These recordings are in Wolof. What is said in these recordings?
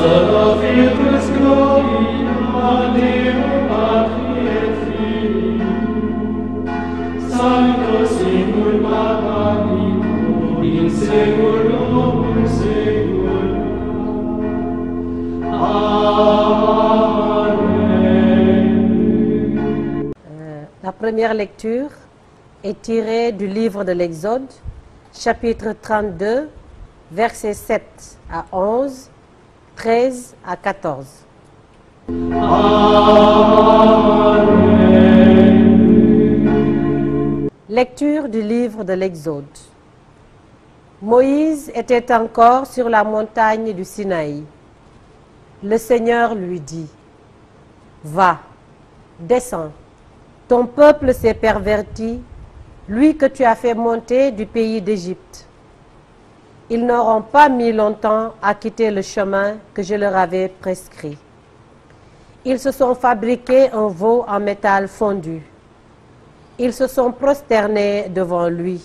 Euh, la première lecture est tirée du livre de l'Exode, chapitre 32, versets à 11 13 à 14. Amen. Lecture du livre de l'Exode. Moïse était encore sur la montagne du Sinaï. Le Seigneur lui dit, Va, descends, ton peuple s'est perverti, lui que tu as fait monter du pays d'Égypte ils n'auront pas mis longtemps à quitter le chemin que je leur avais prescrit. Ils se sont fabriqués un veau en métal fondu. Ils se sont prosternés devant lui.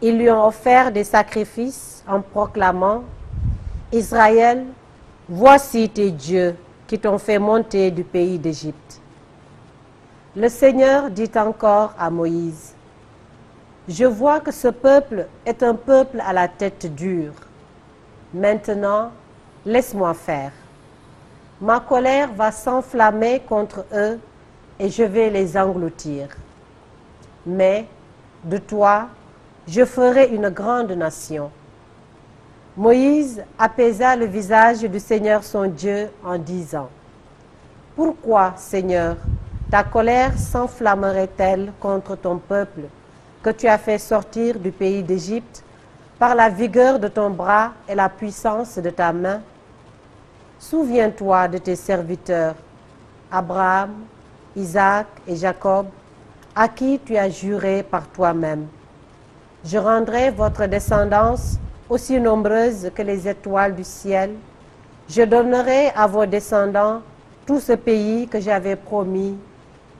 Ils lui ont offert des sacrifices en proclamant, Israël, voici tes dieux qui t'ont fait monter du pays d'Égypte. Le Seigneur dit encore à Moïse, Je vois que ce peuple est un peuple à la tête dure. Maintenant, laisse-moi faire. Ma colère va s'enflammer contre eux et je vais les engloutir. Mais de toi, je ferai une grande nation. Moïse apaisa le visage du Seigneur son Dieu en disant, Pourquoi, Seigneur, ta colère s'enflammerait-elle contre ton peuple que tu as fait sortir du pays d'Égypte par la vigueur de ton bras et la puissance de ta main. Souviens-toi de tes serviteurs, Abraham, Isaac et Jacob, à qui tu as juré par toi-même. Je rendrai votre descendance aussi nombreuse que les étoiles du ciel. Je donnerai à vos descendants tout ce pays que j'avais promis,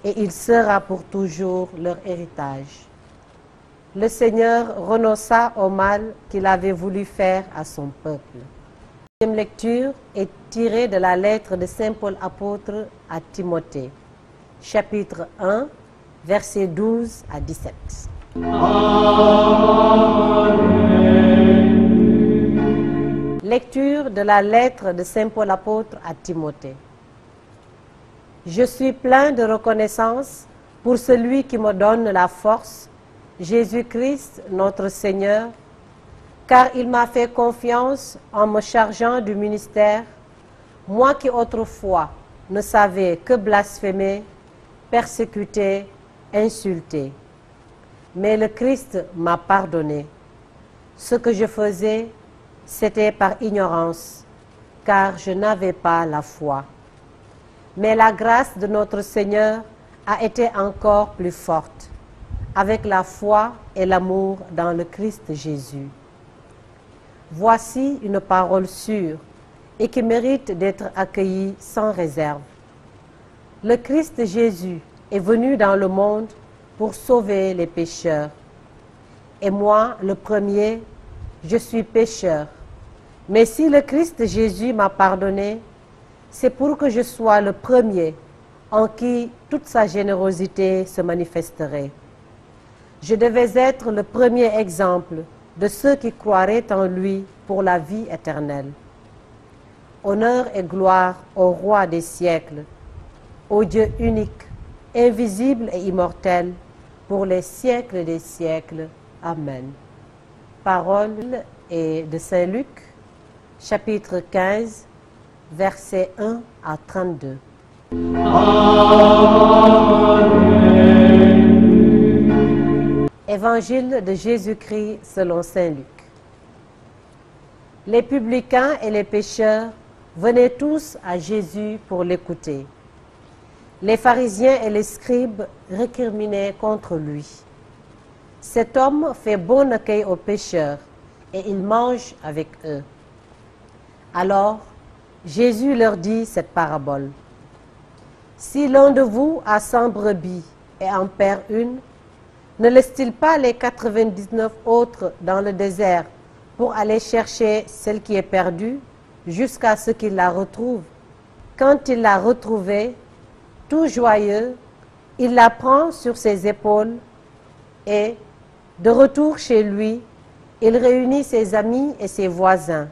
et il sera pour toujours leur héritage. le Seigneur renonça au mal qu'il avait voulu faire à son peuple. lecture est tirée de la lettre de Saint Paul apôtre à Timothée, chapitre 1, versets 12 à Lecture de la lettre de Saint Paul apôtre à Timothée. Je suis plein de reconnaissance pour celui qui me donne la force Jésus-Christ, notre Seigneur, car il m'a fait confiance en me chargeant du ministère, moi qui autrefois ne savais que blasphémer, persécuter, insulter. Mais le Christ m'a pardonné. Ce que je faisais, c'était par ignorance, car je n'avais pas la foi. Mais la grâce de notre Seigneur a été encore plus forte. avec la foi et l'amour dans le Christ Jésus. Voici une parole sûre et qui mérite d'être accueillie sans réserve. Le Christ Jésus est venu dans le monde pour sauver les pécheurs. Et moi, le premier, je suis pécheur. Mais si le Christ Jésus m'a pardonné, c'est pour que je sois le premier en qui toute sa générosité se manifesterait. Je devais être le premier exemple de ceux qui croiraient en lui pour la vie éternelle. Honneur et gloire au roi des siècles, au Dieu unique, invisible et immortel, pour les siècles des siècles. Amen. Parole de Saint Luc, chapitre 15, versets à 32. Évangile de Jésus-Christ selon Saint Luc. Les publicains et les pécheurs venaient tous à Jésus pour l'écouter. Les pharisiens et les scribes récriminaient contre lui. Cet homme fait bon accueil aux pécheurs et il mange avec eux. Alors, Jésus leur dit cette parabole. Si l'un de vous a cent brebis et en perd une, Ne laisse-t-il pas les 99 autres dans le désert pour aller chercher celle qui est perdue jusqu'à ce qu'il la retrouve Quand il l'a retrouvée, tout joyeux, il la prend sur ses épaules et, de retour chez lui, il réunit ses amis et ses voisins.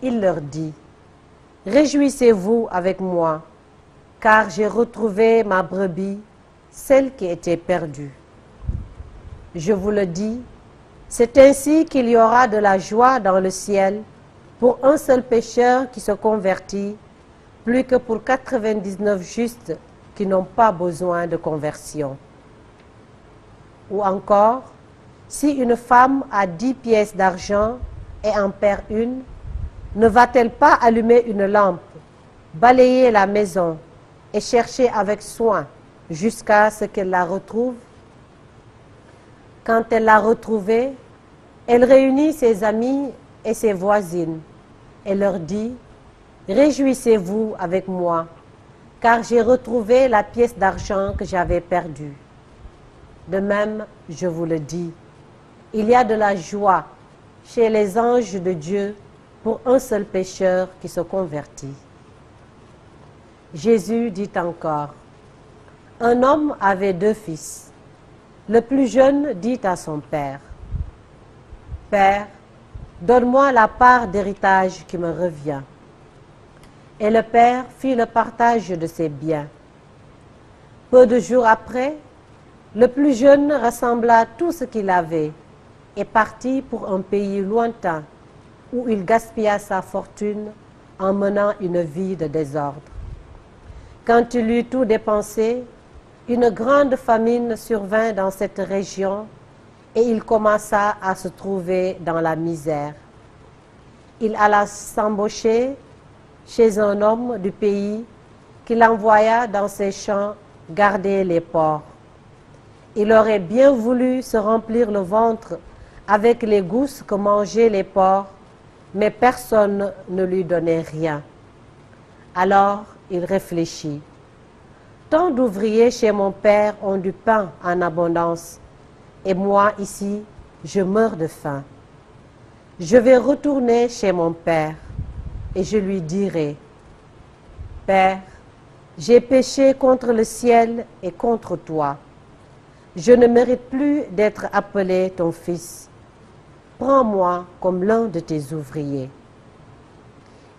Il leur dit, Réjouissez-vous avec moi, car j'ai retrouvé ma brebis, celle qui était perdue. Je vous le dis, c'est ainsi qu'il de la joie dans le ciel pour un seul pécheur qui que pour 99 justes qui n'ont pas besoin de conversion. Ou encore, une femme a dix pièces d'argent et en perd une, ne va-t-elle pas la maison et avec soin jusqu'à ce Quand elle l'a retrouvée, elle réunit ses amis et ses voisines et leur dit, Réjouissez-vous avec moi, car j'ai retrouvé la pièce d'argent que j'avais perdue. De même, je vous le dis, il y a de la joie chez les anges de Dieu pour un seul pécheur qui se convertit. Jésus dit encore, un homme avait deux fils. Le plus jeune dit à son père, Père, donne-moi la part d'héritage qui me revient. Et le père fit le partage de ses biens. Peu de jours après, le plus jeune rassembla tout ce qu'il avait et partit pour un pays lointain où il gaspilla sa fortune en menant une vie de désordre. Quand il eut tout dépensé, Une grande famine survint dans cette région et il commença à se trouver dans la misère. Il alla s'embaucher chez un homme du pays qui l'envoya dans ses champs garder les porcs. Il aurait bien voulu se remplir le ventre avec les gousses que mangeaient les porcs, mais personne ne lui donnait rien. Alors il réfléchit. Tant d'ouvriers chez mon père ont du pain en abondance, et moi ici, je meurs de faim. Je vais retourner chez mon père, et je lui dirai, Père, j'ai péché contre le ciel et contre toi. Je ne mérite plus d'être appelé ton fils. Prends-moi comme l'un de tes ouvriers.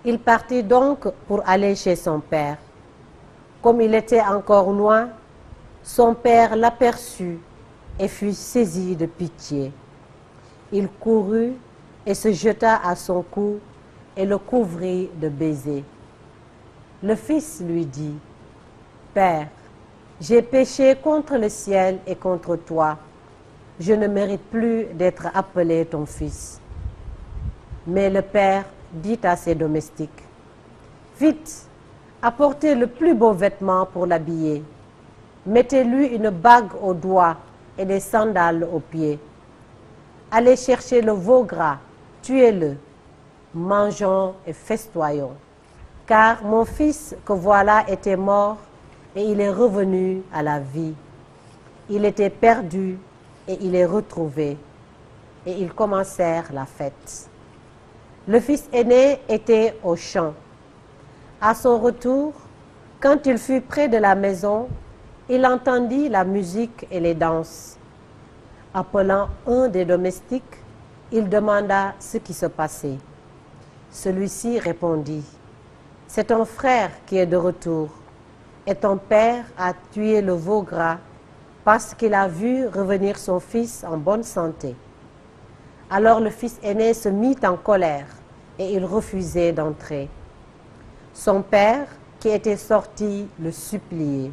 Il partit donc pour aller chez son père. Comme il était encore loin, son père l'aperçut et fut saisi de pitié. Il courut et se jeta à son cou et le couvrit de baisers. Le fils lui dit, Père, j'ai péché contre le ciel et contre toi. Je ne mérite plus d'être appelé ton fils. Mais le père dit à ses domestiques, Apportez le plus beau vêtement pour l'habiller. Mettez-lui une bague au doigt et des sandales aux pieds. Allez chercher le veau gras, tuez-le. Mangeons et festoyons. Car mon fils que voilà était mort et il est revenu à la vie. Il était perdu et il est retrouvé. Et ils commencèrent la fête. Le fils aîné était au champ. À son retour, quand il fut près de la maison, il entendit la musique et les danses. Appelant un des domestiques, il demanda ce qui se passait. Celui-ci répondit, C'est ton frère qui est de retour, et ton père a tué le veau gras parce qu'il a vu revenir son fils en bonne santé. Alors le fils aîné se mit en colère et il refusait d'entrer. Son père, qui était sorti, le suppliait.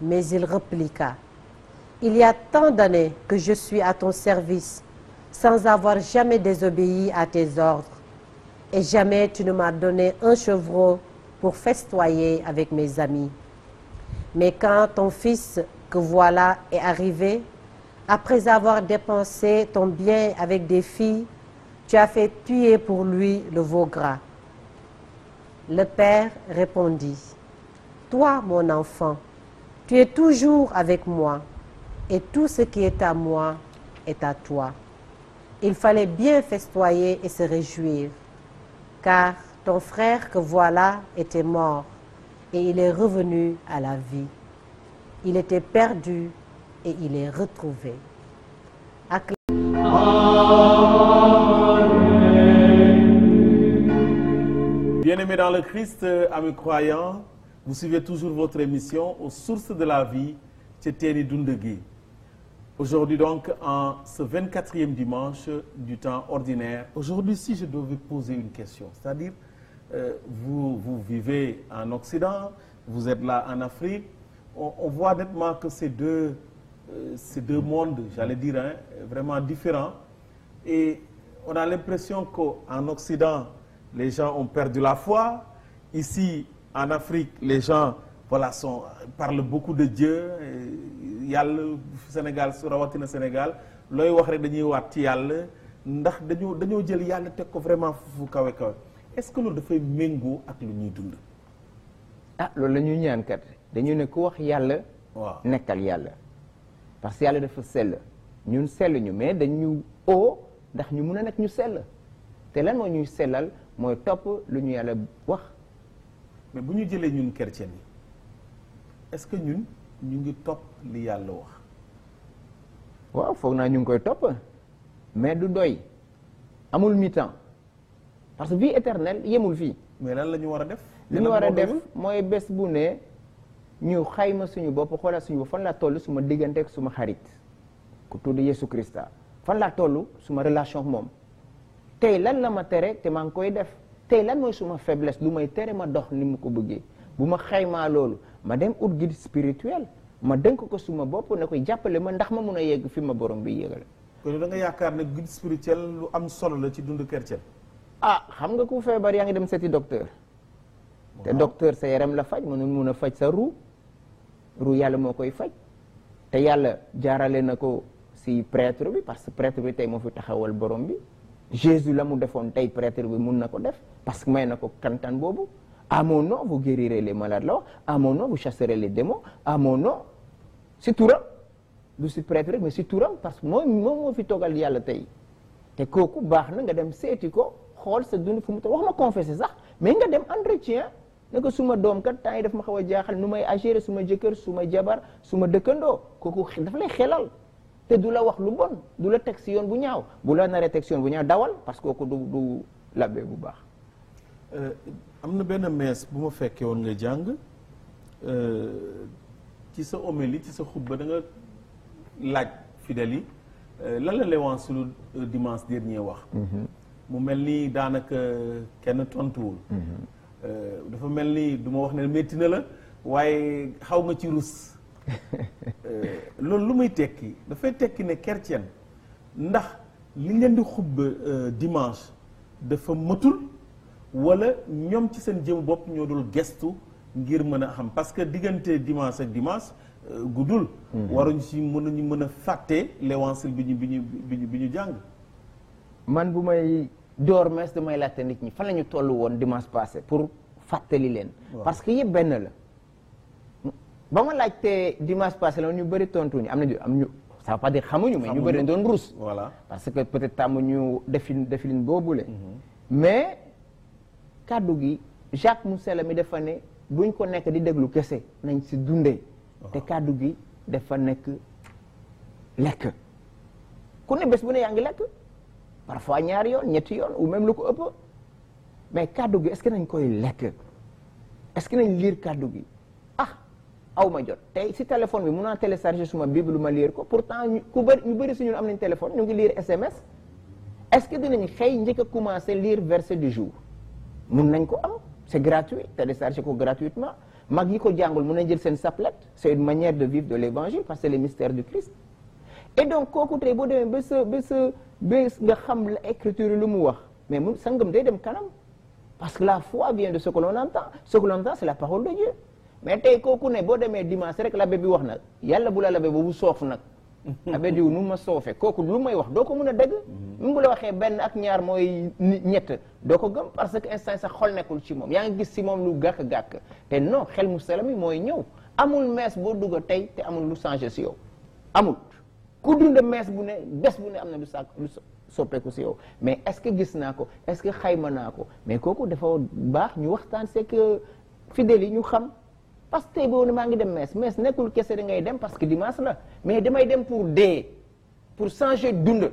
Mais il répliqua, Il y a tant d'années que je suis à ton service, sans avoir jamais désobéi à tes ordres, et jamais tu ne m'as donné un chevreau pour festoyer avec mes amis. Mais quand ton fils, que voilà, est arrivé, après avoir dépensé ton bien avec des filles, tu as fait tuer pour lui le veau Le père répondit, Toi, mon enfant, tu es toujours avec moi, et tout ce qui est à moi est à toi. Il fallait bien festoyer et se réjouir, car ton frère que voilà était mort, et il est revenu à la vie. Il était perdu, et il est retrouvé. bien-aimés dans le Christ, euh, amis croyants, vous suivez toujours votre émission aux sources de la vie ci Téeni Dund gi. Aujourd'hui donc en ce 24e dimanche du temps ordinaire, aujourd'hui si je devais poser une question, c'est-à-dire euh, vous vous vivez en Occident, vous êtes là en Afrique, on, on voit nettement que ces deux euh, ces deux mondes, j'allais dire hein, vraiment différents et on a l'impression qu'en Occident les gens ont perdu la fois Ici, en Afrique, les gens voilà, sont, parlent beaucoup de Dieu. Yàlla Sénégal su rawatina Sénégal looy wax rek dañuy waat ci yàlla ndax dañoo dañoo jël yàlla teg ko vraiment fu kawe kawe est-ce que loolu dafay méngoo ak lu ñuy dund. ah loolu lañuy ñuy ñaan kat dañu ne ku wax yàlla. waaw nekkal yàlla. parce que yàlla dafa sell ñun sell ñu mais dañu oo ndax ñu mun a nekk ñu sell te lan moo ñuy sellal. mooy topp lu ñu yàlla wax. mais bu ñu jëlee ñun kerce yi est-ce que ñun ñu ngi topp li yàlla wax. waaw foog naa ñu ngi koy topp mais du doy amul mi parce que vie éternelle yemul fii. mais lan la ñu war a def. li ñu war a def mooy bés bu ne ñu xayma suñu bopp xoolal suñu bopp fan laa toll suma diggante ak suma xarit ku tudd Yesu Christa fan laa tollu suma relation moom. tey lan la ma tere te maa ngi koy def tey lan mooy suma faiblesse lu may tere ma dox ni mu ko bëggee bu ma xaymaa loolu ma dem ut guide spirituel ma dënk ko suma bopp na koy jàppale ma ndax ma mun a yegg fi ma borom bi yéegale kon da nga yaakaar na guide spirituel lu am solo la ci dundu chrétien ah xam nga ku feebar yaa ngi dem seeti docteur te docteur sa yaram la faj ma mënul mun a faj sa ruu ruu yàlla moo koy faj te yàlla jaarale na ko si prêtre bi parce que prêtre bi tey moo fi taxawal borom bi Jésus la mu defoon tey prêtre bi mun na ko def parce que may na ko kantaan boobu à mon nom vous guérirez les malades la wax amoon mon nom vous chasserez les démons à mon nom si turam du si prêtre rek mais si turam parce que moom moo fi toogal yàlla tey te kooku baax na nga dem seeti ko xool sa dund fu mu toll wax ma confessé sax mais nga dem entretien ne ko suma doom kat temps yi daf ma xaw a jaaxal nu may agir suma jëkkër suma jabar suma dëkkandoo kooku daf lay xelal te du la wax lu bon du la teg si yoon bu ñaaw bu la naree teg si yoon bu ñaaw dawal parce que kooku du du bu baax. Euh, am na benn mees bu ma fekkee woon nga jàng euh, ci sa homélie ci sa xut ba danga laaj fidèles yi euh, lan la Léonce lu dimanche dernier wax. Mhm. mu mel ni daanaka kenn tontuwul. Mhm. dafa mel ni duma wax ne métti na la waaye xaw nga ci rus. Euh, loolu lu muy tekki dafay tekki ne chrétien ndax li leen di xubba euh, dimanche dafa matul wala ñoom ci seen jëm bopp ñoo dul gestu ngir mën a xam parce que diggante dimanche ak dimanche euh, guddul mhm. waruñ si mënuñu mën a fàtte l'évangile bi ñu bi ñu bi ñu bi ñu jàng man bu may door mes damay laajte nit ñi fan la ñu toll woon dimanche passé pour fàttali leen parce que yëpp benn la ba ma laajtee dimanche passé la ñu bëri tontuñu am nañu am ñu ça veut pas dire xamuñu mais ñu bëri dañ doon ruus voilà parce que peut être tàmm ñu defin boobu le mhm. mais kàddu gi Jacques Moussela mi dafa ne buñ ko nekk di déglu kese nañ si dundee te kàddu gi dafa nekk lekk ku ne bes bu ne yaa ngi lekk parfois ñaari yoon ñetti yoon ou même lu ko ëpp mais kàddu gi est-ce nañ koy lekk est nañ liir kàddu gi aw ma jot tey si téléphone bi mun naa télécharger suma bible ma lire ko pourtant ñu ku bëri ñu bëri si ñun am nañ téléphone ñu ngi lire SMS est-ce que dinañ xëy njëkk a liir lire verset du jour mun nañ ko am c'est gratuit télécharger ko gratuitement mag yi ko jàngul mun nañ jël seen saplet c'est une manière de vivre de l'évangile parce que c'est le mystère du Christ et donc kooku tey boo demee ba sa ba sa nga xam la écriture lu mu wax mais mu sa ngëm day dem kanam parce que la foi vient de ce que l'on entend ce que l'on entend c'est mais tey kooku ne boo demee dimanche rek labe bi wax na yàlla bu la labbe boobu soof nag labbe diw nu ma soofee kooku lu may wax doo ko mun a dëgg mhm. même bu la waxee benn ak ñaar mooy ñett doo ko gëm parce que instant sa xol nekkul ci moom yaa ngi gis si moom lu gàkk-gàkk te no xel mu sala mi mooy ñëw amul mees boo dugg tey te amul lu changé si yow amul ku dund mees bu ne bes bu ne am na lu sàkk lu soppeeku si yow mais est-ce que gis naa ko est-ce que xayma naa ko mais kooku dafa baax ñu waxtaan c'est que yi ñu xam parce que tey ne maa ngi dem mees mees nekkul kese dangay ngay dem parce que dimanche la mais damay dem pour dee pour changer dund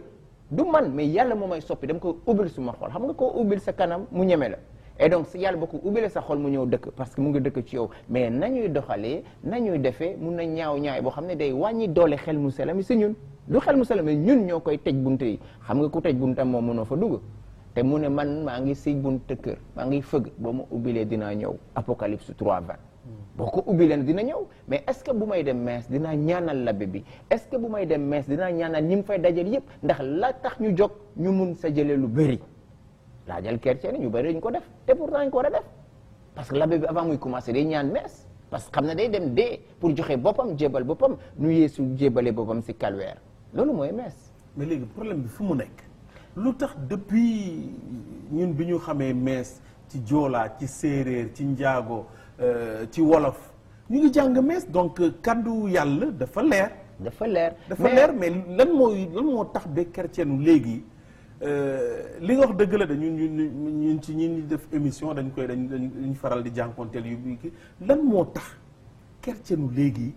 du man mais yàlla moom may soppi dama ko ubbil suma xol xam nga koo ubbil sa kanam mu ñeme la et donc si yàlla boo sa xol mu ñëw dëkk parce que mu ngi dëkk ci yow mais nañuy doxalee nañuy defee mun na ñaaw ñaay boo xam ne day wàññi doole xel mu selami si ñun du xel mu selami ñun ñoo koy tëj bunt yi xam nga ku tëj buntam moom mënoo fa dugg te mu ne man maa ngi si bunt kër maa ngi fëgg boo ma ubbilee dinaa ñëw apocalypse 3 20 boo ko ubbi leen dina ñëw mais est-ce que bu may dem mees dinaa ñaanal labbe bi est-ce que bu may dem mees dinaa ñaanal ñi mu fay dajal yépp ndax la tax ñu jog ñu mun sa jëlee lu bëri laajal kerceen ñu bëri ñu ko def te pourtant ñu ko war a def parce que labbe bi avant muy commencer day ñaan mees parce que xam na day dem dee pour joxe boppam jébal boppam nu yeesu jébalee boppam si calvaire loolu mooy mees. ma léegi problème bi fu mu nekk lu tax depuis ñun bi ñu xamee mees ci joolaa ci séeréer ci njaago. Euh, ci wolof ñu ngi jàng mees donc kàddu yàlla dafa leer. dafa leer dafa leer mais lan mooy lan moo tax ba chrétienu léegi euh, li nga wax dëgg la dañu ñu ñu ci ñi ñu def émission dañ koy dañ dañ faral di jànkonteel yu kii lan moo tax chrétienu léegi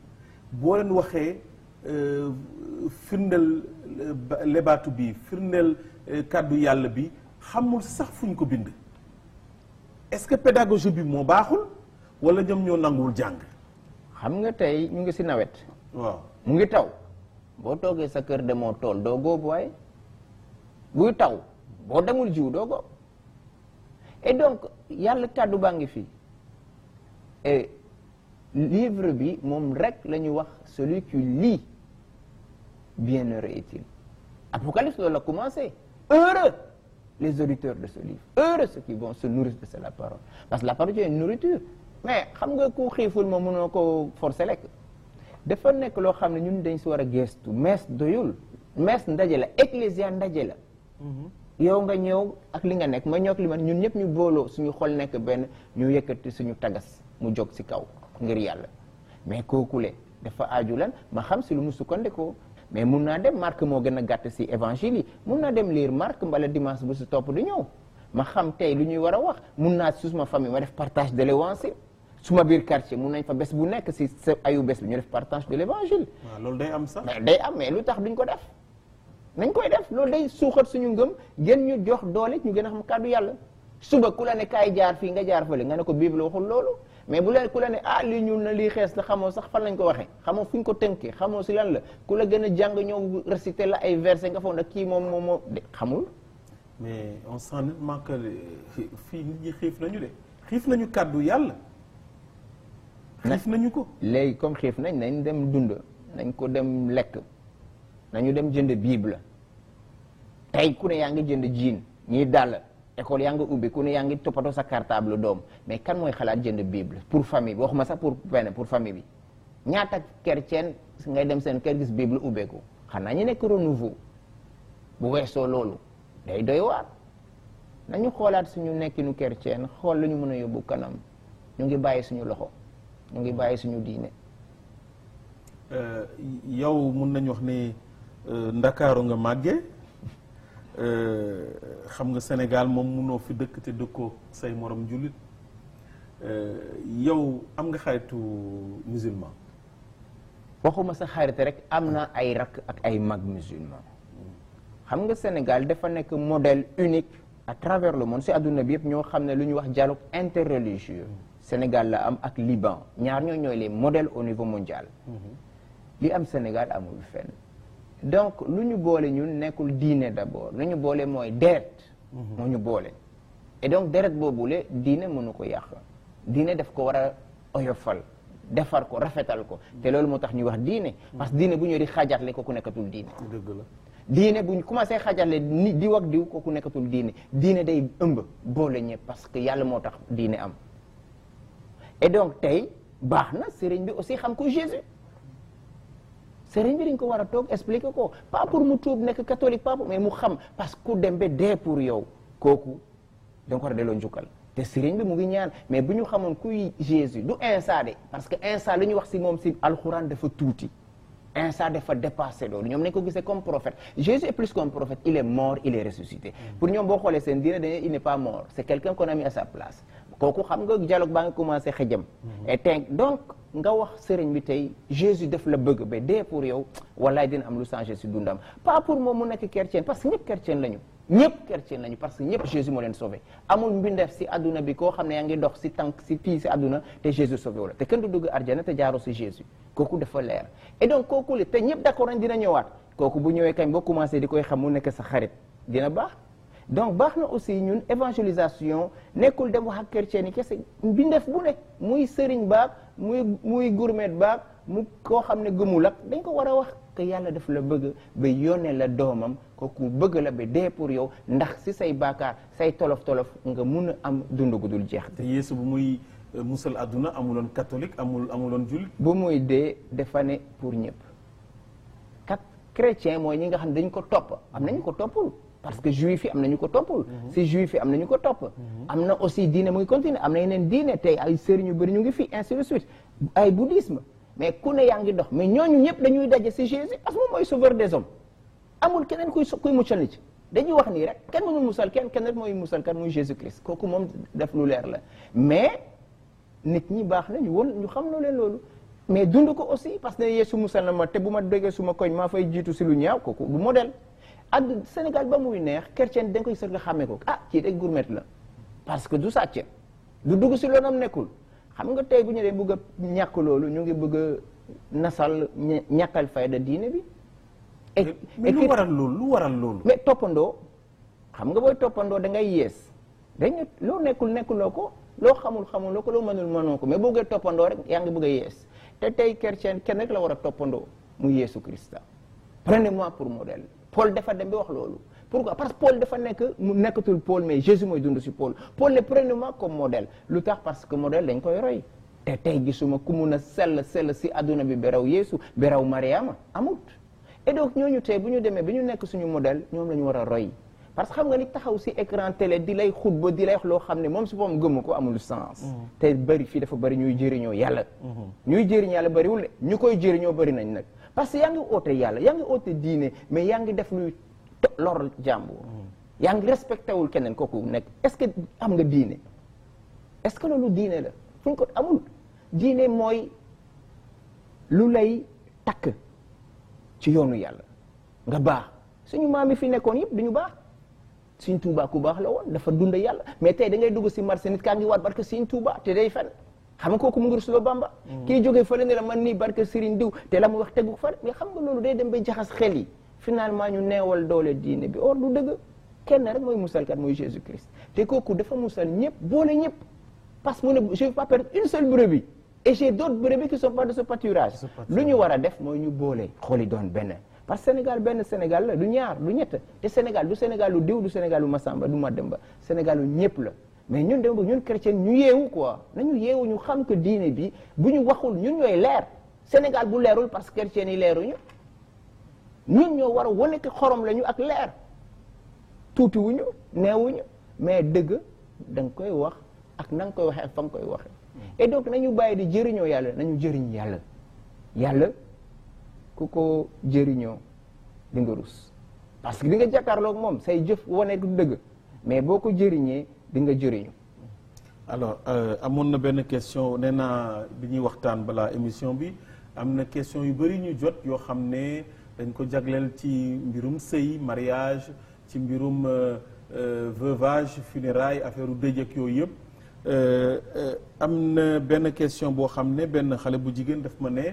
boo leen waxee euh, firndeel lebaatu bi firndeel kàddu yàlla bi xamul sax fuñ ko bind. est-ce que pédagogie bi moo baaxul. wala jëm ñoo nanguwul jàng. xam nga tey ñu ngi si nawet. waaw mu ngi taw boo toogee sa kër demoo tool doo góob waaye buy taw boo demul jiw doo góob donc yàlla kàddu baa ngi fii et livre bi moom rek la ñuy wax celui qui lit bienheureux est-il apocalypse loolu la commencé heureux les auditeurs de ce livre heureux ceux qui vont se de la parole parce que parole c'est une mais xam nga ku xiiful moom munoo ko forcer lekk dafa nekk loo xam ne ñun dañ si war a geestu mees doyul mees ndaje la ecclésia ndaje la mhm. yow nga ñëw ak li nga nekk ma ñëw ak li man ñun ñëpp ñu booloo suñu xol nekk benn ñu yëkkati suñu tagas mu jóg si kaw ngir yàlla mais kookule dafa aaju lan ma xam si lu mu sukkandikoo mais mun naa dem Marc moo gën a gàtt si évangile yi mun naa dem liir Marc mbala dimanche bu si topp du ñëw ma xam tey lu ñuy war a wax mun naa si suma famille ma def partage de l'évangile suma biir quartier mun nañ fa bés bu nekk si sa ayu bés bi ñu def partage de l'évangile waaw loolu day am sax day am mais lu tax duñ ko def nañ koy def loolu day suuxat suñu ngëm gen ñu jox doole ñu gën a xam kàddu yàlla suba ku la ne kaay jaar fii nga jaar fële nga ne ko bible waxul loolu mais bu leen ku la ne ah lii ñuul na lii xees la xamoo sax fan lañ ko waxee xamoo fu ñu ko tënkee xamoo si lan la ku la gën a jàng ñëw réciter la ay versets nga foog nag moom moom moo xamul. mais on sent nettement que euh, fii nit ñi xiif nañu xiif nañu kàddu yàlla. xiif nañu ko léegi comme xiif nañ nañ dem dund nañ ko dem lekk nañu dem jënd bible tey ku ne yaa ngi jënd jiin ñii dàll école yaa ngi ubbi ku ne yaa ngi toppatoo sa cartable doom mais kan mooy xalaat jënd bible pour famille bi waxuma sax pour benn pour famille bi ñaata chrétien ngay dem seen kër gis bible ubbeeku xanaa ñu nekk renouveau bu weesoo loolu day doy waar nañu xoolaat suñu nekkinu chrétien xool lañu ñu mën a yóbbu kanam ñu ngi bàyyi suñu loxo mu ngi bàyyi suñu diine. Euh, yow mun nañu wax ni euh, ndakaaru nga màggee euh, xam nga Sénégal moom munoo fi dëkk te dëkkoo say morom jullit yow am nga xaritu musulman. waxuma sa xarit rek am na ay rakk ak ay mag musulman xam nga Sénégal dafa nekk modèle unique à travers le monde si àdduna bi yëpp ñoo xam ne lu ñuy wax dialogue interreligieux. Sénégal la am ak Liban ñaar ñoo leen les modèles au niveau mondial mhm. li am Sénégal amul fenn donc lu ñu boole ñun nekkul diine d'abord lu ñu boole mooy deret mhm. moo ñu boole et donc deret boobule diine mënu ko yàq diine def ko war a oyofal defar ko rafetal ko te loolu moo tax ñu wax diine parce que diine bu ñëw di xaajatle ko ku nekkatul diine dëgg la diine buñ commencé xaajatle ni di wax diw ko ku nekkatul diine diine day ëmb boole ñëpp parce que yàlla moo tax diine am et donc tey baax na sëriñ bi aussi xam ko Jésus sëriñ bi dañ ko war a toog expliquer ko pas pour mu tuub nekk catholique pas pour mu xam parce que ku dem ba dee pour yow kooku da nga ko war a delloo njukkal te sëriñ bi mu ngi ñaan mais bu ñu xamoon kuy Jésus du instant de parce que instant lu ñu wax si moom si alxuraan dafa tuuti instant dafa dépassé loolu ñoom nañ ko gisee comme prophète Jésus est plus qu'un prophète il est mort il est ressuscité mm. pour ñoom boo xoolee seen diine dañuy a kooku xam nga dialogue baa ngi commencé xëjam mhm. et tenk donc nga wax sëriñ bi tey Jésus def la bëgg be dee pour yow walaay dina am lu changé si dundam pas pour moom mu nekk chrétien parce que ñëpp chrétien lañu ñëpp chrétien lañu parce que ñëpp Jésus moo leen sobe amul mbindeef si adduna bi koo xam ne yaa ngi dox si tànk si fii si adduna te Jésus sauvé wu la te kenn du dugg arjana te jaaroo si Jésus kooku dafa leer et donc kooku li te ñëpp d'accord nañ dina ñëwaat kooku bu ñëwee kañ commencé di koy xam mu sa xarit dina baax donc baax na aussi ñun évangélisation nekkul dem wax ak chrétien yi kese mbindeef bu ne muy sëriñ baag muy muy gourmet baag mu koo xam ne gëmul ak dañ ko war a wax que yàlla def la bëgg ba yónnee la doomam kooku bëgg la ba dee pour yow ndax si say baakaar say tolof tolof nga mun a am dund gu dul jeex. te Yeesu bu muy euh, musal àdduna amuloon catholique amul amuloon jullit. bu muy dee dafa ne pour ñëpp kat chrétien mooy ñi nga xam ne dañ ko topp am nañu ko toppul. parce que juif yi am nañu ko toppul mhm. si juif am nañu ko topp mhm. am na aussi diine mu ngi continuer am na yeneen diine tey ay sëriñ yu bëri ñu ngi fi ainsi de suite ay bouddhisme mais ku ne yaa ngi dox mais ñooñu ñëpp dañuy daje si Jésus parce que moom mooy sauveur des hommes amul keneen kuy kuy muccal ci dañuy wax nii rek kenn mënul musal kenn kenn rek mooy musal kan muy Jésus Christ kooku moom def lu leer la mais nit ñi baax nañu woon ñu xam loo leen loolu mais dund ko aussi parce que Yeesu musal na ma te bu ma déggee suma koñ maa fay jiitu si lu ñaaw kooku du modèle ak Sénégal ba muy neex chrétien da nga koy seet xàmmee ko ah kii de gourmet la parce que du sàcc du dugg si loonam nekkul xam nga tey bu ñu dee bëgg a ñàkk loolu ñu ngi bëgg a nasal ñàkkal fayda diine bi. et mais lu waral loolu lu waral loolu. mais toppandoo xam nga booy toppandoo da ngay yees dañ loo nekkul nekkuloo ko loo xamul xamuloo ko loo mënul mënoo ko mais boo bëggee toppandoo rek yaa ngi bëgg a yees te tey chrétien kenn rek la war a toppandoo mu Yeesu Christa prenez-moi pour modèle. Paul dafa dem bi wax loolu pourquoi parce que Paul dafa nekk mu nekkatul Paul mais Jésus mooy dund si Paul Paul le prenons comme modèle lu tax parce que modèle dañ koy roy te tey gisuma ku mun a sell sell si adduna bi beraw Yeesu beraw Mariama amut et donc ñooñu tey bu ñu demee bi ñu nekk suñu modèle ñoom lañu war a roy parce que xam nga ni taxaw si écran télé di lay xutba di lay wax loo xam ne moom si boppam gëmu ko amul sens. Mm-hmm. te bëri fii dafa bëri ñuy jëriñoo yàlla. Mm-hmm. ñuy jëriñ yàlla bëriwul ñu nañ nag. parce que yaa ngi oote yàlla yaa ngi oote diine mais yaa ngi def luy lor jàmbur. Hmm. yaa ngi respecté wul keneen kooku nekk est-ce que am nga diine est-ce que loolu diine la fu ñu ko amul diine mooy lu lay takk ci yoonu yàlla nga baax suñu maam yi fi nekkoon yëpp duñu baax suñ tuubaa ku baax la woon dafa dund yàlla mais tey da ngay dugg si marché nit kaa ngi waat si suñ tuubaa te day fen xam nga kooku mu ngi rusloo Bamba mm. kii jógee fële ne man nii barke Serigne diw te la mu wax tegu fa mais xam nga loolu day dem ba jaxas xel yi finalement ñu neewal doole diine bi or du dëgg kenn rek mooy musalkat mooy Jésus Christ te kooku dafa musal ñëpp boole ñëpp parce que mu ne je vais pas perdre une seule brebis et j'ai d'autres brebis qui sont pas de ce lu ñu war a def mooy ñu boole xool yi doon benn parce que Sénégal benn Sénégal la du ñaar du ñett te Sénégal Sénégal lu diw du Sénégal lu Massamba du Mademba Sénégal lu ñëpp la mais ñun dama bëgg ñun chrétien ñu yeewu quoi nañu yeewu ñu xam que diine bi bu ñu waxul ñun ñooy leer Sénégal bu leerul parce que chrétien yi leeruñu ñun ñoo war a wane que xorom lañu ak leer tuutiwuñu neewuñu mais dëgg da koy wax ak na nga koy waxee ak fa nga koy waxee et donc nañu bàyyi di jëriñoo yàlla nañu jëriñ yàlla yàlla ku ko jëriñoo di rus parce que di nga jàkkaarloog moom say jëf wane du dëgg mais boo ko jëriñee di nga jëriñu alors euh, amoon na benn question nee naa bi ñuy waxtaan balaa émission bi am na question yu bëri ñu jot yoo xam ne dañ ko jagleel ci mbirum sëy mariage ci mbirum euh, euh, veuvage funérailles affaire u dëj ak yooyu yëpp am na benn question boo xam ne benn xale bu jigéen daf ma ne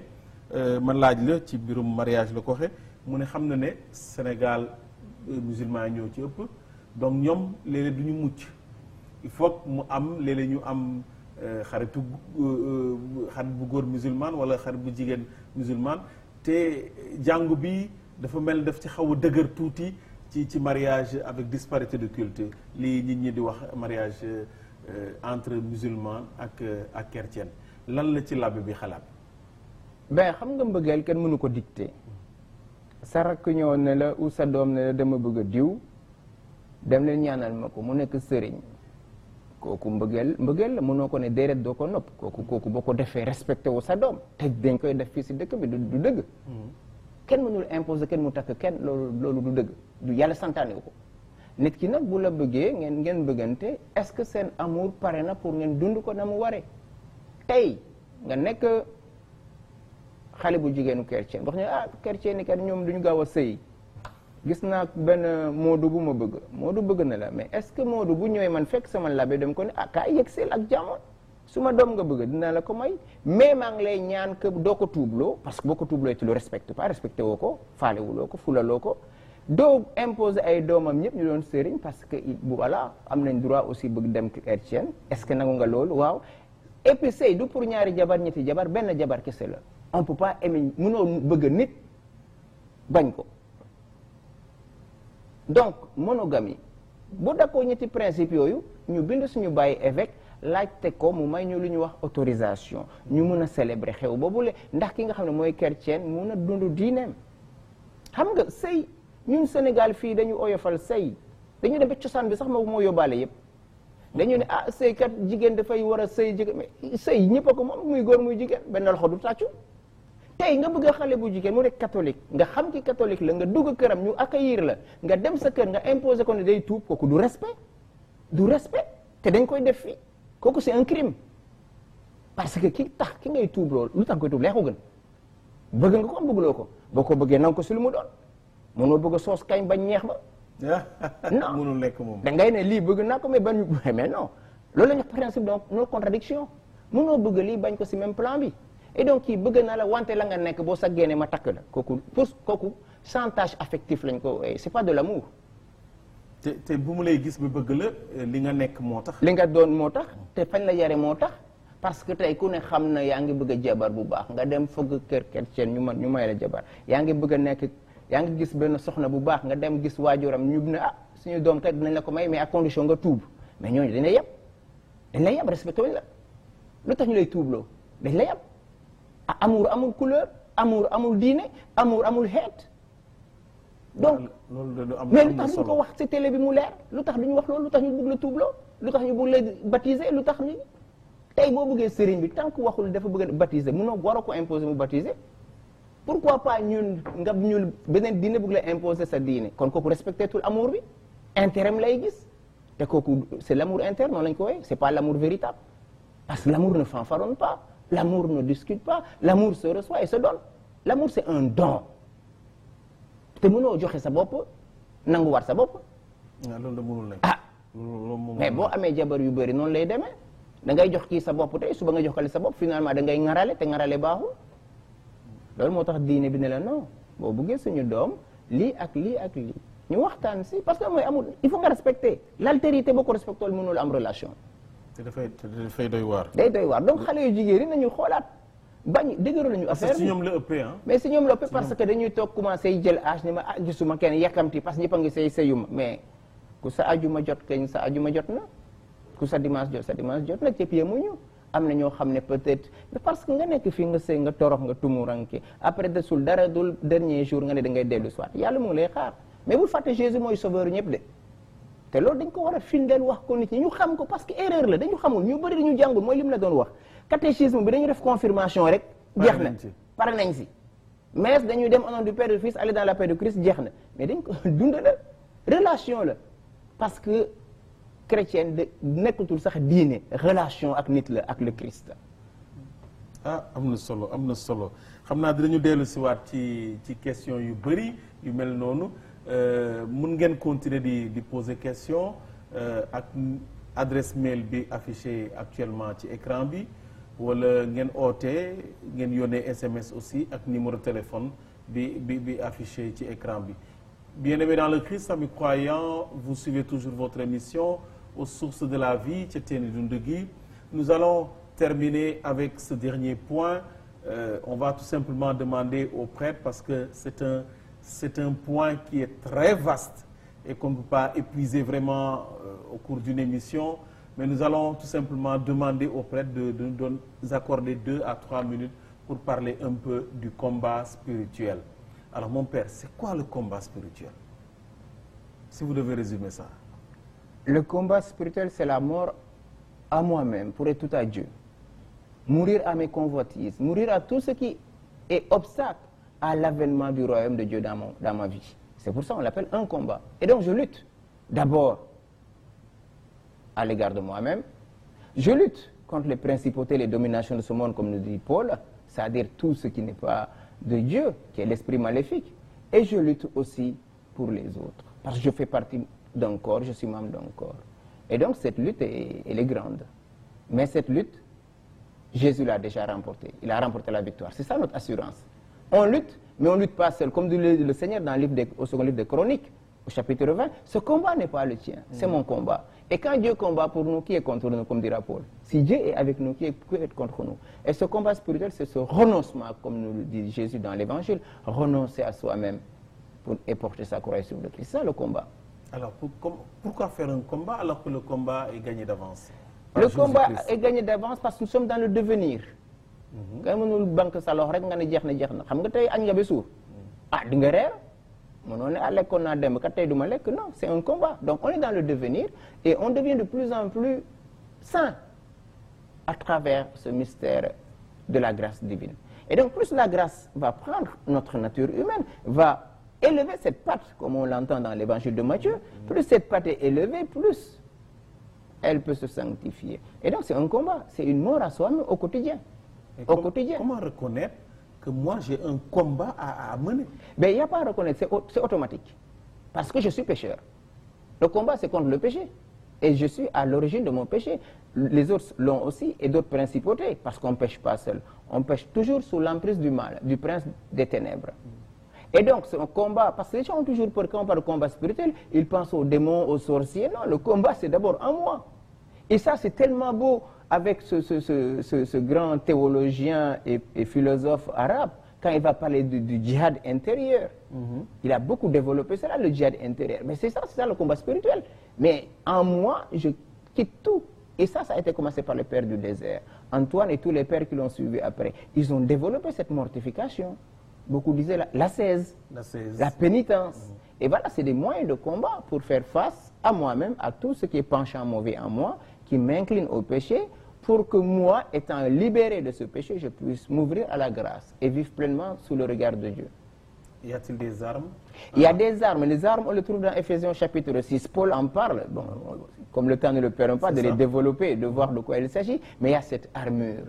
ma laaj la ci mbirum mariage la ko waxe mu ne xam na ne Sénégal musulman ñoo ci ëpp donc ñoom léeg du ñu mucc il faut mu am léeg ñu am euh, xaritu euh, euh, xarit bu góor musulman wala xarit bu jigéen musulman te jàngu bi dafa mel daf ci xaw a dëgër tuuti ci ci mariage avec disparité de culte lii nit ñi di wax mariage entre musulman ak ak chrétien lan la ci làbbe bi xalaat ben xam nga mbëggeel kenn mënu ko dicter sa rakk ñëw ne la ou sa doom ne la dama bëgg a diw dem leen ñaanal ma ko mu nekk sëriñ kooku mbëggeel mbëggeel la mënoo ko ne déedéet doo ko nopp kooku kooku boo ko defee respecté wu sa doom te dañ koy def fii si dëkk bi du dëgg hmm. kenn mënul imposer kenn mu takk kenn loolu loolu du dëgg du yàlla santaane ko nit ki nag bu la bëggee ngeen ngeen bëggante est-ce que seen amour pare na pour ngeen dund ko na mu waree tey nga nekk xale bu jigéenu chrétien wax ñu ah chrétien ni kat ñoom duñu gaaw a sëy gis naa benn Modou bu ma bëgg Modou bëgg na la mais est-ce que Modou bu ñëwee man fekk sama labe dem ko ne ah kaa yëgseel ak jàmmoon su ma doom nga bëgg dina la ko may mais maa ngi lay ñaan que doo ko tuubloo parce que boo ko tuubloo ci lu respecte pas respecté woo ko faalewuloo ko fulaloo ko doo imposer ay doomam ñëpp ñu doon sëriñ parce que bu voilà am nañ droit aussi bëgg dem chrétien est-ce que nangu nga loolu waaw et puis sëy du pour ñaari jabar ñetti jabar benn jabar kese la on peut pas bëgg nit bañ ko donc monogamie bu dakkoo ñetti principe yooyu ñu bind suñu bàyyi évêque laajte ko mu may ñu lu ñu wax autorisation ñu mun a célébrer xew boobule ndax ki nga xam ne mooy chrétien mun a dund diineem xam nga sëy ñun Sénégal fii dañu oyofal sëy dañu dem ba cosaan bi sax moo moo yóbbaale yëpp dañu ne ah sëykat jigéen dafay war a sëy jigéen mais sëy ñëpp a ko moom muy góor muy jigéen benn loxo du tàccu tey nga bëgg a xale bu jigéen mu nekk catholique nga xam ki catholique la nga dugg këram ñu accueillir la nga dem sa kër nga imposer ko ne day tuub kooku du respect du respect te dañ koy def fii kooku si un crime parce que ki tax ki ngay tuub loolu lu tax koy tuub leexu gën bëgg nga ko am bëggloo ko boo ko bëggee nanga ko si lu mu doon mënoo bëgg a soos kañ bañ ñeex ba non mënul lekk moom da ngay ne lii bëgg naa ko mais bañ mais non loolu la ñu principe donc non contradiction mënoo bëgg li bañ ko si même plan bi et kii bëgg naa la wante la nga nekk boo saggee ne ma takk la kooku pour kooku chantage affectif lañ ko c'est pas de l'amour te te bu mu lay gis ba bëgg la li nga nekk moo tax. li nga doon moo tax te fañ la yare moo tax parce que tey ku ne xam na yaa ngi bëgg a bu baax nga dem fëgg kër chrétien ñu ma ñu may la jabar yaa ngi bëgg a nekk yaa ngi gis benn soxna bu baax nga dem gis waajuram ñu ne ah suñu doom kat dinañ la ko may mais à condition nga tuub mais ñooñu dañ lay yab dañ lay yab respecté la lu tax ñu lay tuubloo dañ lay yab. amour amul couleur amour amul diine amour amul xeet. donc mais lu tax duñ ko wax ci télé bi mu leer lu tax duñ wax loolu lu tax ñu bëgg la tuubloo lu tax ñu bëgg la baptiser lu tax ñu tey boo buggee sëriñ bi tant que waxul dafa bëgg a mu munoo war ko imposer mu baptiser. pourquoi pas ñun nga ñun beneen diine bugg la imposer sa diine kon kooku respecté tul amour bi intérêt lay gis te kooku c' est l' amour interne noonu lañ ko wooyee c' l' amour véritable parce que l' amour ne fanfaronne pas. L'amour ne discute pas, l'amour se reçoit et se donne. L'amour c'est un don. te mënoo joxe sa bopp nanguwaat sa bopp. ah, ah. mais boo amee jabar yu bari noonu lay demee dangay jox kii sa bopp tey suba nga jox kale sa bopp finalement dangay ngay ŋarale te ŋarale baaxul loolu moo tax diine bi ne la non boo buggee suñu doom lii ak lii ak lii ñu waxtaan si parce que mooy amul il faut nga respecter l'altérité boo ko respecté woon am relation. te dafay te dafay doy waar. day doy waar donc xale yu jigéen yi nañu xoolaat ba dëgëru nañu affaire bi. si ñoom la ëppee ah. mais si ñoom la ëppee parce que dañuy toog commencé jël âge ni ma ah gisuma kenn yàkkamti parce a mais ku sa ajuma jot kañ sa ajuma jot na ku sa dimanche jot sa dimanche jot na cëpp yemuñu am na ñoo xam ne peut-être parce que nga nekk fii nga say nga torox nga tumuranke après desul dara dul dernier jour nga ne da ngay dellu soit yàlla mu ngi lay xaar mais bul fàtte Jésus mooy sauveur ñëpp de. te loolu dañ ko war a findeel wax ko nit ñi ñu xam ko parce que erreur la dañu xamul ñu bëri dañu jàngul mooy li mu la doon wax catéchisme bi dañu def confirmation rek jeex na pare nañ si mais dañuy dem au nom du Père la paix du na mais dañ ko dund relation la parce que chrétienne de nekkatul sax diine relation ak nit la ak le Christ ah am na solo am na solo xam naa dinañu dellu siwaat ci ci question yu bëri yu mel noonu Euh, mun ngeen continuer di di question euh, ak adresse mail bi affiché actuellement ci écran bi wala ngeen oote ngeen yónnee SMS aussi ak numéro téléphone bi bi bi affiché ci écran bi bien-aimés dans le Christ amis croyants vous suivez toujours votre émission aux sources de la vie ca Teen Dund gi nous allons terminer avec ce dernier point euh, on va tout simplement demander aux prêtres parce que c'est un c'est un point qui est très vaste et qu'on ne peut pas épuiser vraiment euh, au cours d'une émission. Mais nous allons tout simplement demander aux prêtres de, de, de, nous accorder deux à trois minutes pour parler un peu du combat spirituel. Alors mon père, c'est quoi le combat spirituel Si vous devez résumer ça. Le combat spirituel, c'est la mort à moi-même pour être tout à Dieu. Mourir à mes convoitises, mourir à tout ce qui est obstacle à l'avènement du royaume de Dieu dans, mon, dans ma vie. C'est pour ça qu'on l'appelle un combat. Et donc je lutte d'abord à l'égard de moi-même. Je lutte contre les principautés, les dominations de ce monde, comme nous dit Paul, c'est-à-dire tout ce qui n'est pas de Dieu, qui est l'esprit maléfique. Et je lutte aussi pour les autres, parce que je fais partie d'un corps, je suis membre d'un corps. Et donc cette lutte, est, elle est grande. Mais cette lutte, Jésus l'a déjà remportée. Il a remporté la victoire. C'est ça notre assurance. On lutte, mais on ne lutte pas seul. Comme dit le, le Seigneur dans le livre des, au au chapitre 20, ce combat n'est pas le tien, c'est mm. mon combat. Et quand Dieu combat pour nous, qui est contre nous, comme dira Paul Si Dieu est avec nous, qui est, contre nous Et ce combat spirituel, c'est ce renoncement, comme nous le dit Jésus dans l'Évangile, combat. pourquoi faire un combat est gagné d'avance Le combat est gagné d'avance parce que nous sommes dans le devenir. nga mm-hmm. mënul banque sa loxo rek nga ne jeex na jeex na xam nga tey añ nga ba suur mm-hmm. ah di reer mënoo ne ah lekkoon naa dem kat tey du ma lekk non c'est un combat donc on est dans le devenir et on devient de plus en plus sain à travers ce mystère de la grâce divine et donc plus la grâce va prendre notre nature humaine va élever cette patte comme on l'entend dans l'évangile de Matthieu mm-hmm. plus cette part est élevée plus elle peut se sanctifier et donc c'est un combat au quotidien. Comment reconnaître que moi j'ai un combat à, à mener Mais il n'y a pas à reconnaître, c'est automatique. Parce que je suis pécheur. Le combat, c'est contre le péché. Et je suis à l'origine de mon péché. Les autres l'ont aussi, et d'autres principautés, parce qu'on ne pêche pas seul. On pêche toujours sous l'emprise du mal, du prince des ténèbres. Et donc, c'est un combat, parce que les gens ont toujours peur quand on parle de combat spirituel, ils pensent aux démons, aux sorciers. Non, le combat, c'est d'abord en moi. Et ça, c'est tellement beau. avec ce, ce, ce, ce grand théologien et, et, philosophe arabe, quand il va parler du, du djihad intérieur, mm -hmm. il a beaucoup développé cela, le djihad intérieur. Mais c'est ça, c'est ça le combat spirituel. Mais en moi, je quitte tout. Et ça, ça a été commencé par le père du désert. Antoine et tous les pères qui l'ont suivi après, ils ont développé cette mortification. Beaucoup disaient la, la, 16, la, 16. la pénitence. Mmh. Et voilà, c'est des moyens de combat pour faire face à moi-même, à tout ce qui est penchant mauvais en moi, qui m'incline au péché, pour que moi, étant libéré de ce péché, je puisse m'ouvrir à la grâce et vivre pleinement sous le regard de Dieu. Y a-t-il des armes Il y a des armes. Les armes, on les trouve dans Ephésiens chapitre 6. Paul en parle. Bon, comme le temps ne le permet pas de ça. les développer, de voir de quoi il s'agit, mais il y a cette armure.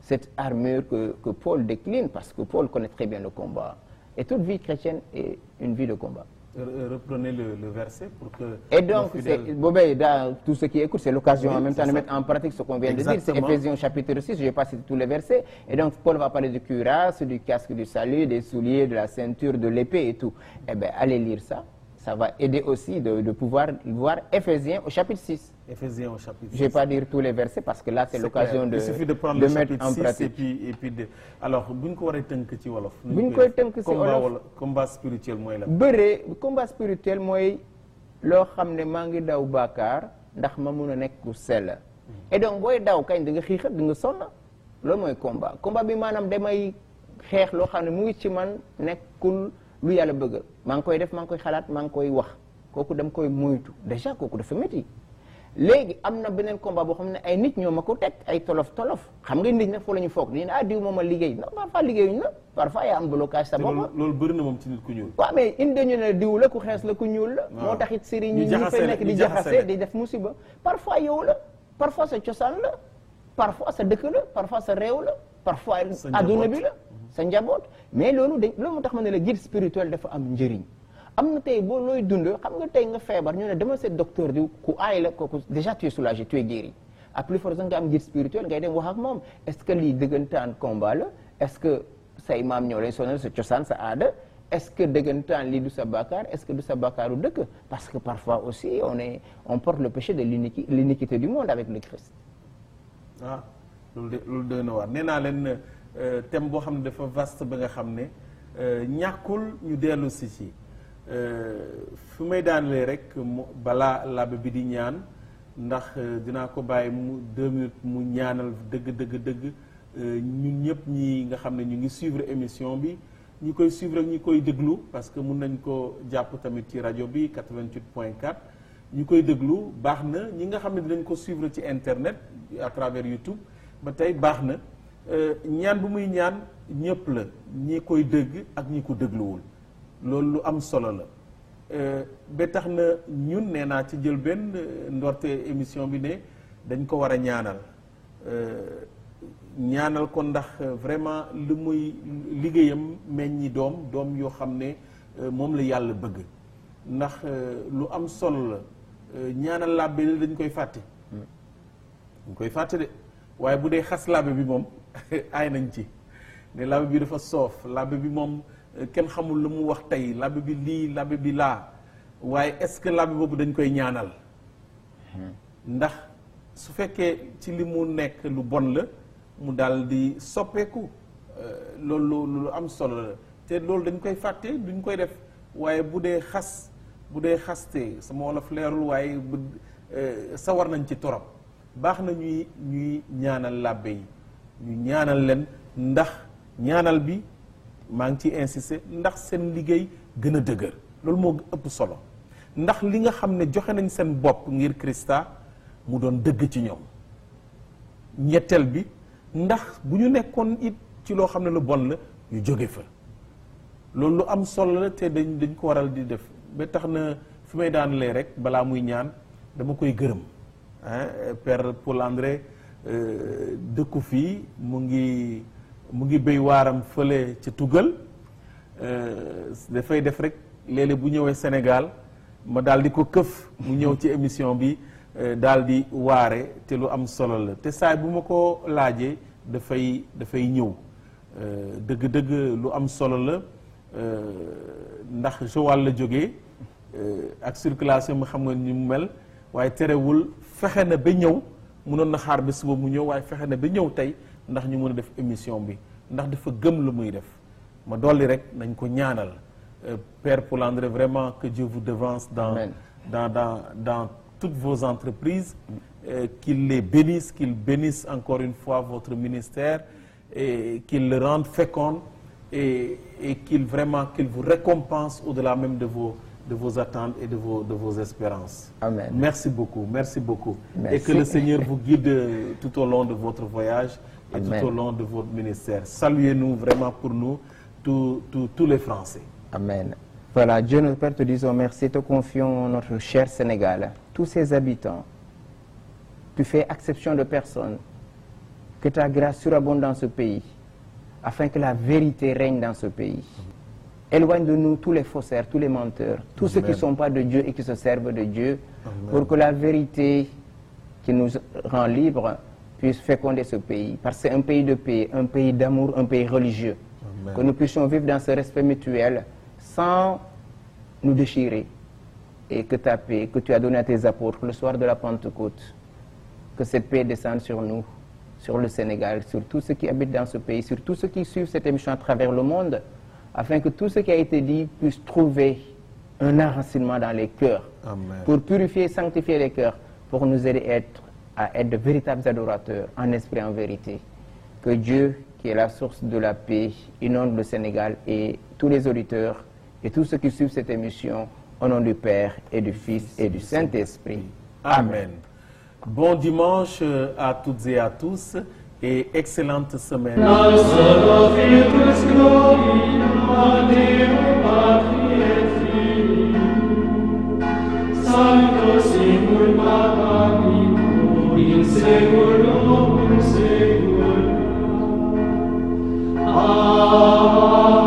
Cette armure que, que Paul décline parce que Paul connaît très bien le combat. Et toute vie chrétienne est une vie de combat. reprenez le, le, verset pour que. Et donc, fidèles... Bobé, dans tout ce qui écoute, c'est l'occasion oui, en même temps ça. de mettre en pratique ce qu'on vient Exactement. de dire. C'est Éphésiens chapitre 6, je vais passer tous les versets. Et donc, Paul va parler du cuirasse, du casque du salut, des souliers, de la ceinture, de l'épée et tout. Eh bien, allez lire ça. Ça va aider aussi de, de pouvoir voir Éphésiens au chapitre 6. Éphésiens au chapitre. Je vais pas dire tous les versets parce que là c'est l'occasion de de prendre de le de alors bu ko waree tënk ci wolof. bu koy tënk ci wolof combat spirituel mooy la. bëree combat spirituel mooy loo xam ne maa ngi daw baakaar ndax ma mun a nekk ku sell. Hmm. et donc booy daw kañ di nga xiixat di nga sonn loolu mooy combat combat bi maanaam damay xeex loo xam ne mu ngi ci man nekkul lu yàlla bëgg maa ngi koy def maa ngi koy xalaat maa ngi koy wax kooku dem koy moytu déjà kooku dafa métti. léegi am na beneen compa boo xam ne ay nit ñoo ma ko teg ay tolof tolof xam nga nit nag foo la ñu foog nii ah diw moom a liggéey non parfois liggéeyuñu la loolu bëri na moom ci nit ku ñuul waaw mais indi dañu ne diw la ku xees la ku ñuul la moo tax it sëriñ ñi ñu fay nekk di jaxase di def musiba parfois yow la parfois sa cosaan la parfois sa dëkk la parfois sa réew la parfois adduna bi la sa njaboot mais loolu dañ loolu moo tax man ne la guide spirituel dafa am njëriñ am na tey boo looy dund xam nga tey nga feebar ñoo ne dama seet docteur di ku aay la kooku déjà tu es soulagé tu es guéri à plus forte nga am guide spirituel ngay dem wax ak moom est-ce que lii dëggantaan combat la est-ce que say maam ñoo lay sonal cosaan sa aada est-ce que dëggantaan lii du sa bàkkaar est-ce que du sa bàkkaaru dëkk parce que parfois aussi on est on porte le péché de l'iniquité du monde avec le Christ. ah loolu de loolu doy na waar nee naa leen euh, thème boo xam ne dafa vaste ba nga xam ne euh, ñàkkul ñu dellu si ci. Euh, fi may daanalee rek mu balaa làbbe bi di ñaan ndax euh, dinaa ko bàyyi mu deux minutes mu ñaanal dëgg dëgg dëgg euh, ñun ñëpp ñi nga xam ne ñu ngi suivre émission bi ñu koy suivre ak ñu koy déglu parce que mun nañ ko jàpp tamit ci rajo bi 88 point ñu koy déglu baax na ñi nga xam ne dinañ ko suivre ci internet à travers YouTube ba tey baax na ñaan bu muy ñaan ñëpp la ñi koy dégg ak ñi ko dégluwul loolu lu am solo la euh, ba tax na ñun nee naa ci jël benn euh, ndorte émission bi ne dañ ko war a ñaanal euh, ñaanal ko ndax vraiment lu muy liggéeyam meññi doom doom yoo xam ne moom la yàlla bëgg ndax lu am solo la ñaanal làbbe la dañ koy fàtte dañ koy fàtte de waaye bu dee xas làbbe bi moom ay nañ ci ne làbbe bi dafa soof làbbe bi moom kenn xamul lu mu wax tey labbe bi lii labbe bi laa waaye est-ce que labbe boobu dañ koy ñaanal ndax su fekkee ci li mu nekk lu bon la mu daal di soppeeku euh, loolu lu am solo la te loolu dañ koy fàtte duñ koy def waaye bu dee xas bu dee xaste sama wolof leerul waaye bu euh, sawar nañ ci torop baax na ñuy ñuy ñaanal labbe yi ñu ñaanal leen ndax ñaanal bi maa ngi ciy insister ndax seen liggéey gën a dëgër loolu moo ëpp solo ndax li nga xam ne joxe nañ seen bopp ngir Krista mu doon dëgg ci ñoom ñetteel bi ndax bu ñu nekkoon it ci loo xam ne lu bon la ñu jóge fa loolu lu am solo la te dañ dañ ko waral di def ba tax na fi may daan lee rek balaa muy ñaan dama koy gërëm ah Père Paul André euh, dëkku fii mu ngi mu ngi béy waaram fële ca Tugal euh, dafay def rek léeg bu ñëwee Sénégal ma daal di ko këf mu ñëw ci émission bi euh, daal di waare te lu am solo la te saay bu ma ko laajee dafay dafay ñëw euh, dëgg-dëgg lu am solo la ndax Joal la jógee ak circulation bi xam nga ni mu mel waaye terewul fexe na ba ñëw mënoon na xaar ba suba mu ñëw waaye fexe na ba ñëw tey ndax ñu mën a def émission bi ndax dafa gëm lu muy def ma dolli rek nañ ko ñaanal euh, Père Paul André vraiment que Dieu vous devance dans dans dans dans toutes vos entreprises euh, qu'il les bénisse qu'il bénisse encore une fois votre ministère et qu'il le rende fécond et et qu'il vraiment qu'il vous récompense au-delà même de vos de vos attentes et de vos de vos espérances. Amen. Merci beaucoup, merci beaucoup. Merci. Et que le Seigneur vous guide tout au long de votre voyage. et Amen. tout au long de votre ministère. Saluez-nous vraiment pour nous, tous les Français. Amen. Voilà, Dieu notre Père, te disons merci, te confions notre cher Sénégal, tous ses habitants. Tu fais exception de personne. Que ta grâce surabonde dans ce pays, afin que la vérité règne dans ce pays. Éloigne de nous tous les faussaires, tous les menteurs, tous Amen. ceux qui ne sont pas de Dieu et qui se servent de Dieu, Amen. pour que la vérité qui nous rend libres puisse féconder ce pays. Parce que c'est un pays de paix, un pays d'amour, un pays religieux. Amen. Que nous puissions vivre dans ce respect mutuel sans nous déchirer. Et que ta paix, que tu as donnée à tes apôtres le soir de la Pentecôte, que cette paix descende sur nous, sur le Sénégal, sur tous ceux qui habitent dans ce pays, sur tous ceux qui suivent cette émission à travers le monde, afin que tout ce qui a été dit puisse trouver un enracinement dans les cœurs, Amen. pour purifier et sanctifier les cœurs, pour nous aider à être à être de véritables adorateurs en esprit et en vérité. Que Dieu, qui est la source de la paix, inonde le Sénégal et tous les auditeurs et tous ceux qui suivent cette émission au nom du Père et du Fils et du Saint-Esprit. Amen. Euh, Seculorum seculorum. Amen.